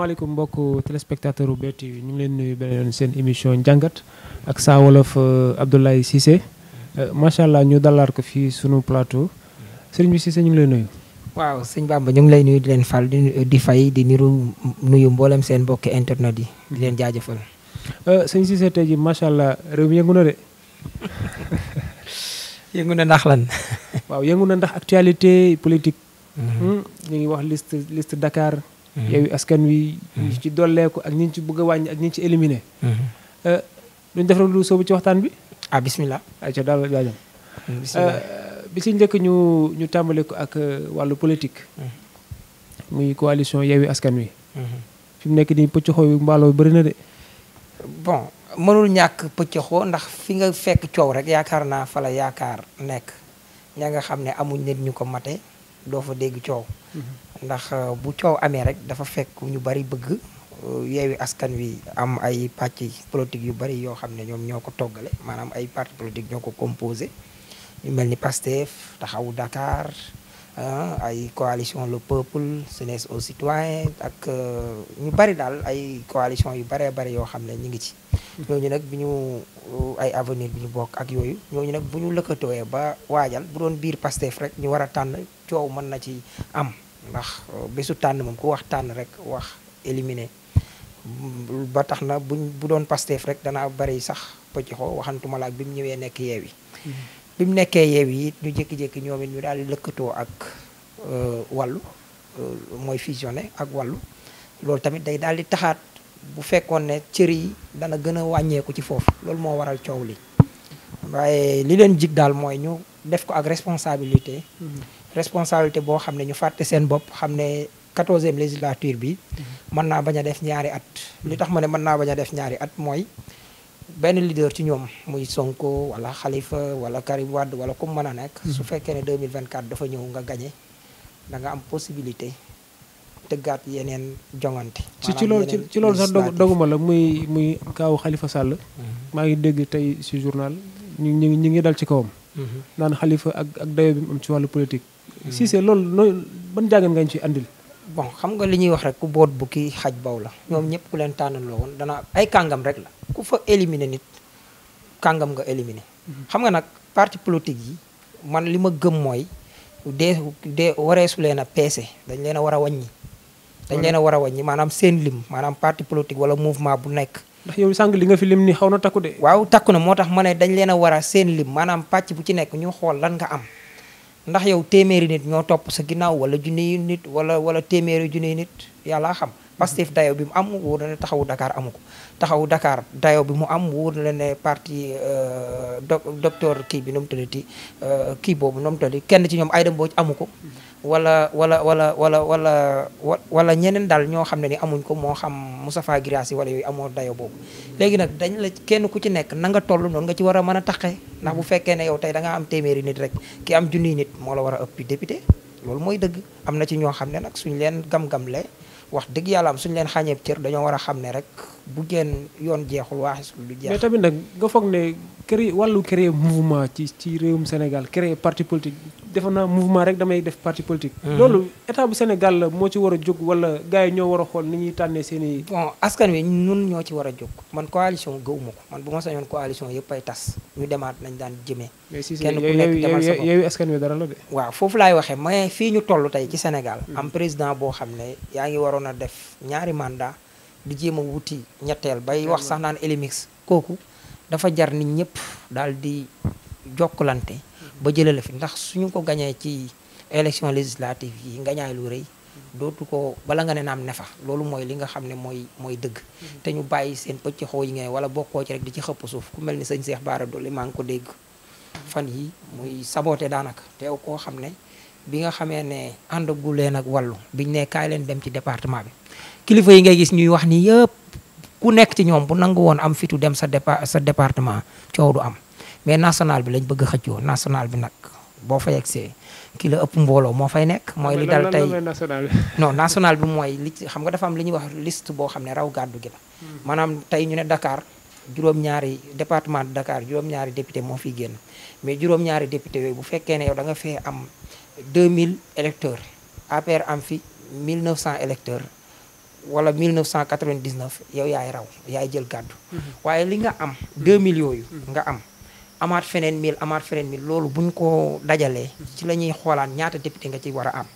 Assalamualaikum mbokku téléspectateur bu tv ñu ngi leen nuyu aksa seen émission njàngat ak sa wolof euh, Abdoulaye Cissé euh, allah ñu dalar ko fi sunu plateau sëriñ bi Cissé ñu ngi lay nuyu. waaw sëñ Bamba ñu ngi lay nuyu di leen fal di fay di niru nuyu mboolem seen mbokki internet yi di leen jaajëfal. Euh, sëñ Cissé tay ji macha allah réew mi yëngu na de. yëngu ndax lan. waaw yëngu ndax actualité politique. Mhm. Hmm, ñi ngi wax liste liste Dakar. Mm-hmm. Yewwi Askan Wi ñi mm-hmm. ci dolleeku ak ñi ci bëgg wàññi ak ñi ci éliminé duñ mm-hmm. euh, def rek lu ci waxtaan bi ah bismillah ay ca daal jaajam mm, euh, bi ci njëkk ñu ñu ko ak euh, wàllu politique muy coalition Yewwi Askan Wi fi mu nekk nii pëcc xoo yu mbaaloo bëri na de bon mënul ñàkk pëccëxoo ndax fi nga fekk coow rek yaakaar naa fa la yaakaar nekk ña nga xam ne amuñ nit ñu ko mate doo fa dégg coow. Mm-hmm. ndax euh, bu coow amee rek dafa fekk ñu bari bëgg euh, yeewi askan wi am ay pàcc politique yu bari yoo xam ne ñoom ñoo ko toggale maanaam ay parti politique ñoo ko composé ñu mel ni PASTEF taxawu Dakar ah, ay coalition le peuple jeunesse aux citoyens ak euh, ñu bari daal ay coalition yu baree bari yoo xam ne ñu ngi ci. ñooñu nag bi ñu ay avenir bi ñu bokk ak yooyu ñooñu nag bu ñu lëkkatooyee ba waajal bu doon biir Pastef rek ñu war a tànn coow mën na ci am ndax euh, bésu tànn moom ku wax tànn rek wax éliminé ba tax na buñ bu doon Pastef rek danaa bari sax pëccixoo waxantuma la ak bi mu ñëwee nekk yeew yi mm-hmm. bi mu nekkee Yewwi it ñu jékki-jékki ñoom it ñu daal di lëkkatoo ak euh, wàllu euh, mooy fusionné ak wallu loolu tamit day daal taxaat bu fekkoon ne cër yi dana gën a wàññeeku ci foofu loolu moo waral coow li waaye li leen jig daal mooy ñu def ko ak responsabilité mm-hmm. responsabilité boo xam ne ñu fàtte seen bopp xam ne quatorzième législature bi mm-hmm. mën naa bañ a def ñaari at li tax ma ne mën naa bañ a def ñaari at mooy benn leader ci ñoom muy Sonko wala xalifa wala Karim Wade wala ku mën a nekk mm-hmm. su fekkee ne 2024 dafa ñëw nga gañe da nga am possibilité tëggaat yeneen jongante. ci ci ci loolu sax dogu doguma la muy muy kaaw xalifa Sall. Mhm. maa ngi dégg tey si journal ñu ngi ñu ngi dal ci kawam. Mhm. naan xalifa ak ak dayo bi mu am ci wàllu politique. Mhm. si c'est loolu nooy ban jàngat nga ñu ci andil. bon xam nga li ñuy wax rek ku boot bu kii xaj baw la ñoom ñëpp ku leen tànn loo woon dana ay kàngam rek la ku fa éliminer nit kàngam nga éliminer xam nga nag parti politique yi man li ma gëm mooy dee dee wareesu leen a peese dañ leen a war a wàññi dañ leen a war a wàññi maanaam seen lim maanaam parti politique wala mouvement bu nekk ndax yow sàng li nga fi lim ni xaw na takku de waaw takku na moo tax ma ne dañ leen a war a seen lim maanaam pàcc bu ci nekk ñu xool lan nga am ndax yow téeméeri nit ñoo topp sa ginnaaw wala junni nit wala wala téeméeri junni nit yàlla xam Pastef dayo bi mu am wóor na ne taxawu amu ko taxawu Dakar dayo bi mu am wóor na ne parti euh, docteur kii bi nu mu ti euh, kii boobu nu mu tuddati kenn ci ñoom Aïda Mbodj amu ko wala wala wala wala wala wala ñeneen daal ñoo xam ne ni amuñ ko moo xam Moustapha Guirassy wala yooyu amoo dayo boobu léegi nag dañ la kenn ku ci nekk na nga toll noonu nga ci war a mën a taqee ndax bu fekkee ne yow tey danga am téeméeri nit rek ki am junniy nit moo la war a ëpp député loolu mooy dëgg am na ci ñoo xam ne nag suñ leen gam le wax dëgg yàlla am suñu leen xàññeeb cër dañoo war a xam ne rek bu génn yoon jeexul waaxisul du jeex. mais tamit nag nga foog ne kër créer wàllu créer mouvement ci ci réewum Sénégal créer parti politique defe naa mouvement rek damay def parti politique. Mhm. loolu état bu Sénégal la moo ci war a jóg wala gars yi ñoo war a xool ni ñuy tànnee seen i. bon askan wi ñun ñoo ci war a jóg man coalition gëwuma ko man bu ma sañoon coalition yëpp ay tas ñu demaat nañ daan jëmee. kenn ku nekk demal sa bopp mais askan wi dara la de. foofu laay waxee mais fii ñu toll tey ci Sénégal. am mhm. président boo xam ne yaa ngi waroon a def ñaari mandat di jéem a wuti ñetteel bay wax sax naan Elimix kooku dafa jar nit ñëpp dal di jokkalante ba mhm. jëlee la fi ndax suñu ko gañee ci élection législative yi ngañaay lu rëy mhm. dootu ko bala nga ne naam ne fa loolu mooy li nga xam ne mooy mooy dëgg mhm. te ñu bàyyi seen pëcc xoo yi ngay wala bokkoo ci rek di ci xëpp suuf ku mel ni sëñ Cheikh Bara li maa ngi ko dégg fan yi muy saboote daanaka teew koo xam ne bi nga xamee ne àndagu leen ak wàllu bi ne kaay leen dem ci département bi kilifa yi ngay gis ñuy wax ni yëpp ku nekk ci ñoom bu nangu woon am fitu dem sa dépa sa département coow du am mais national bi lañ bëgg a xëccoo national bi nag boo fa yegsee ki la ëpp mbooloo moo fay nekk. mooy li dal tey non national bi mooy li xam nga dafa am li ñuy wax list boo xam ne raw gàddu gi la. Hmm. maanaam tey ñu ne dakaar juróom-ñaari département de Dakar juróom-ñaari député moo fiy génn mais juróom-ñaari député bu fekkee ne yow da nga fee am. mille électeurs APR am fi mille 1900 électeurs wala 1999 yow yaay raw yaay jël gàddu. Mhm. waaye li nga am deux 2000 yooyu. Mhm. nga am amaat feneen mille amaat feneen mille loolu bu buñ ko dajalee. Mhm. ci la ñuy xoolaan ñaata député nga ci war a am.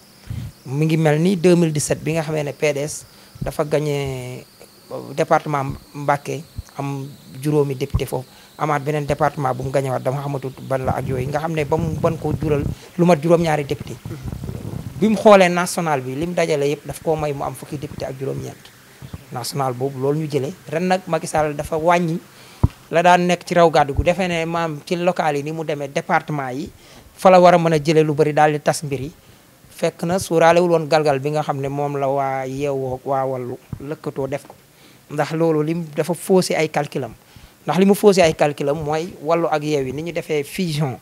mu ngi mel ni deux mille 2017 bi nga xamee ne PDS dafa gagné euh, département Mbacké am juróomi député foofu. amaat benen département bu mu wat dama xamatul ban la ak yoy nga xamné ne ba mu ban ko jural luma jurom ñaari député bi mu national bi lim dajalé yépp daf ko may mu am fukki député ak jurom ñet national bobu loolu ñu jëlé ren nak Macky Sall dafa wañi la daan nek ci raw gàddu gu defee né maam ci local yi ni mu démé département yi fa la wara mëna jëlé lu bari dal di tas mbiri fekk na wul won galgal bi nga xamné mom la wa yeewoo wa walu lekkato def ko ndax loolu lim dafa fossé ay calculam ndax li mu fausé ay calcul am mooy wallu ak yeew yi ni ñu defee fusion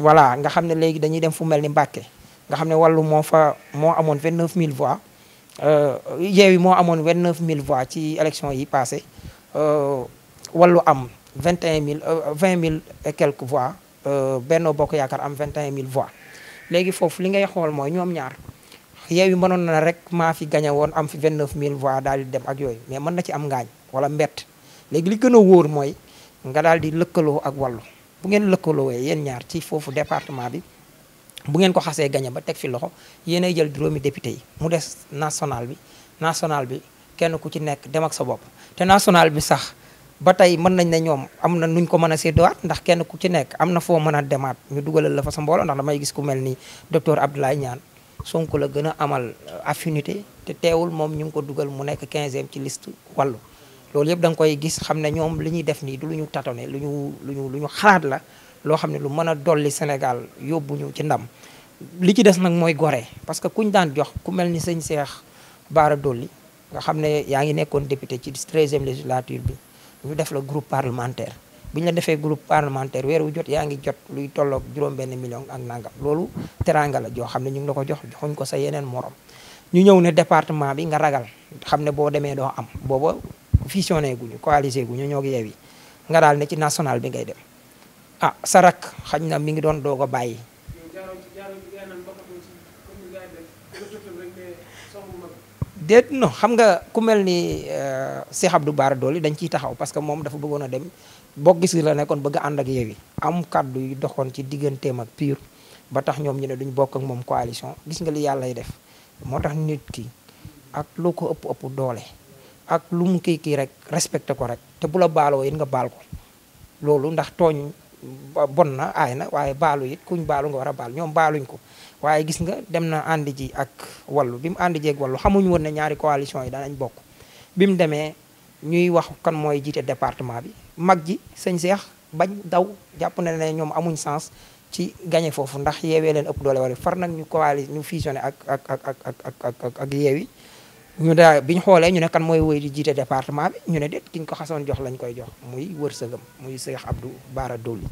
voilà nga xam ne léegi dañuy dem fu mel ni Mbàkke nga xam ne wallu moo fa moo amoon 29000 voix euh, yeew yi moo amoon 29000 voix ci élection yi passé euh, wallu am 21000 20000 euh, et quelques voix Benno Bokk Yaakaar am mille voix léegi foofu li ngay xool mooy ñoom ñaar yeew yi mënoon na rek maa fi gañe woon am fi mille voix daal di dem ak yooyu mais mën na ci am ngaañ wala mbett léegi li gën a wóor mooy nga daal di lëkkaloo ak wàllu bu ngeen lëkkaloowee yéen ñaar ci foofu département bi bu ngeen ko xasee gañe ba teg fi loxo yéenay jël juróomi député yi mu des national bi national bi kenn ku ci nekk dem ak sa bopp te national bi sax ba tey mën nañ ne ñoom am na nuñ ko mën a séddowaat ndax kenn ku ci nekk am na foo mën a demaat ñu dugalal la fa sa mbooloo ndax damay gis ku mel ni docteur Abdoulaye ñaan Sonko la gën a amal euh, affinité te teewul moom ñu ngi ko dugal mu nekk 15e wàllu loolu yëpp danga koy gis xam ne ñoom lu ñuy def nii du lu ñu tatone lu ñu lu ñu lu ñu xalaat la loo xam ne lu mën a dolli Sénégal yóbbu ñu ci ndam li ci des nag mooy gore parce que kuñ daan jox ku mel ni sëñ Cheikh Bara Dolly nga xam ne yaa ngi nekkoon député ci 13e bi ñu def la groupe parlementaire bu ñu la defee groupe parlementaire weeru jot yaa ngi jot luy tolloog juróom-benn million ak nangam loolu teraanga la joo xam ne ñu ngi la ko jox joxuñ ko sa yeneen moroom ñu ñëw ne département bi nga ragal xam ne boo demee doo am booba fusionné guñu coalisé guñu ñoo ngi yeewi nga daal ne ci national bi ngay dem ah sa rak xañ na mi ngi doon doog a bàyyi. déet non xam nga ku mel ni euh, Cheikh Abdou Bara Dolly dañ ciy taxaw parce que moom dafa bëggoon a dem bokk gis la nekkoon bëgg ànd ak Yewwi am kàddu yu doxoon ci digganteem ak PUR ba tax ñoom ñu ne duñ bokk ak moom coalition gis nga li yàllay def moo tax nit ki ak loo ko ëpp ëpp doole ak lu mu kii kii rek respecté ko rek te bu la baaloo it nga baal ko loolu ndax tooñ bon na aay na waaye baalu it kuñ baalu nga war a baal ñoom baaluñ ko waaye gis nga dem na ànd ji ak wallu bi mu ànd ji ak wallu xamuñu woon ne ñaari coalition yi danañ bokk bi mu demee ñuy wax kan mooy jiite département bi mag ji sëñ Seex bañ daw jàpp na ne ñoom amuñ sens ci gañe foofu ndax yeewee leen ëpp doole wala far nag ñu coali ñu fusionné ak ak ak ak ak ak ak yeewi ñu daa bi ñu xoolee ñu ne kan mooy woy di jiite département bi ñu ne déet ki ñu ko xasoon jox lañ koy jox muy wër wërsëgam muy Cheikh Abdou Bara Dolly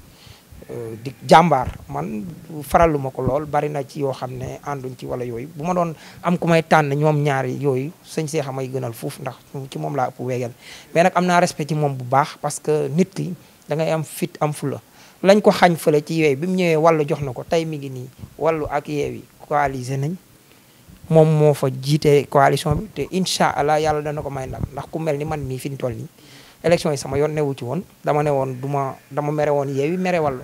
euh, di jàmbaar man faralu ma ko lool bari na ci yoo xam ne ànduñ ci wala yooyu bu ma doon am ku may tànn ñoom ñaari yooyu sëñ Cheikh ay gënal fuuf ndax ci moom laa ëpp weegal mais nag am naa respect ci moom bu baax parce que nit ki dangay am fit am fula lañ ko xañ fële ci yooyu bi mu ñëwee wàllu jox na ko tey mi ngi nii wàllu ak yeewi coalisé nañ moom moo fa jiite coalition bi te incha allah yàlla dana ko may ndam ndax ku mel ni man mii fi ñu toll nii élection yi sama yoon newu ci woon dama ne woon duma dama mere woon yeewi mere wàllu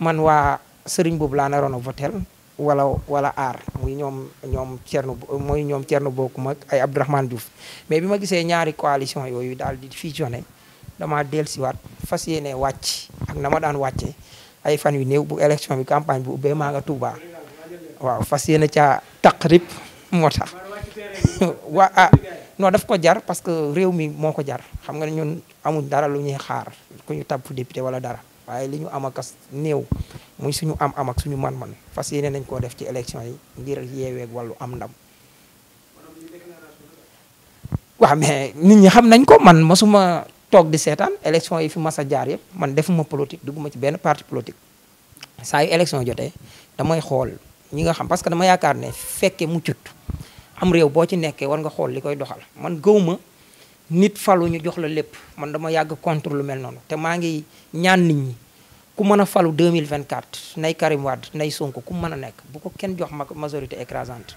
man waa sëriñ boobu laa naroon a votel wala wala aar muy ñoom ñoom Thierno muy ñoom Thierno Bocoum ak ay Abdourahmane Diouf mais bi ma gisee ñaari coalition yooyu daal di fusionné dama dellusiwaat fas yéene wàcc ak na ma daan wàcce ay fan yu néew bu élection bi campagne bu ubbee maa nga Touba waaw fas ca taqrib moo tax waa ah non def ko jar parce que réew mi moo ko jar xam nga ne ñun amuñ dara lu ñuy xaar ku ñu tàbb député wala dara waaye li ñu am ak néew muy suñu am am ak suñu man-man fas yéene nañ koo def ci élection yi ngir yeeweeg wàllu am ndam. waaw mais nit ñi xam nañ ko man masuma toog di seetaan élection yi fi mas a jaar yëpp man defuma politique dugguma ci benn parti politique saa yu élection jotee damay xool. ñi nga xam parce que dama yaakaar ne fekke muccut am réew boo ci nekkee war nga xool li koy doxal man gëwma nit falu ñu jox la lépp man dama yàgg contre lu mel noonu te maa ngi ñaan nit ñi ku mën a falu 2024 nay Karim Wade nay Sonko ku mën a nekk bu ko kenn jox ma majorité écrasante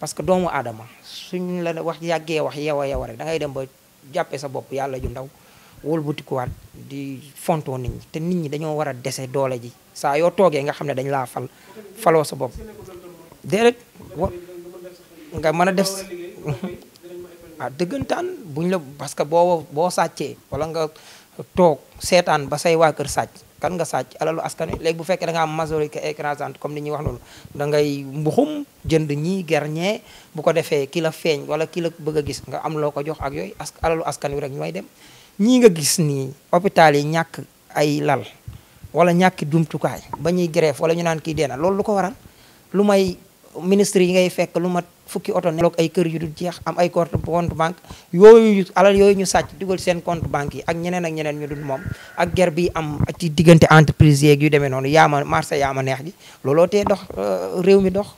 parce que doomu aadama suñ la wax yàggee wax yewa yewa rek dangay dem ba jàppee sa bopp yàlla ju ndaw wëlbatikuwaat di fontoo nit ñi te nit ñi dañoo war a dese doole ji sa yo toge nga xamne dañ la fal falo sa bop deret nga meuna def ah dëggantaan buñ la parce que bo bo satché wala nga tok setan ba say wa keur satch kan nga satch alalu askan leg bu fekkee da nga am majorité écrasante comme niñ wax noonu da ngay mbuxum jënd ñi gerñé bu ko défé ki la feñ wala ki la bëgg gis nga am loko jox ak ask alalu askan wi rek ñoy dem ñi nga gis ni hôpital yi ñak ay lal wala ñàkki jumtukaay ba ñuy grève wala ñu naan kii dee na loolu lu ko waral lu may ministre yi ngay fekk lu mat fukki oto nekk ay kër yu dul jeex am ay compte banque yooyu alal yooyu ñu sàcc dugal seen compte banque yi ak ñeneen ak ñeneen ñu dul moom ak guerre bi am ci diggante entreprise yeeg yu demee noonu yaama marché yaama neex gi looloo tee dox euh, réew mi dox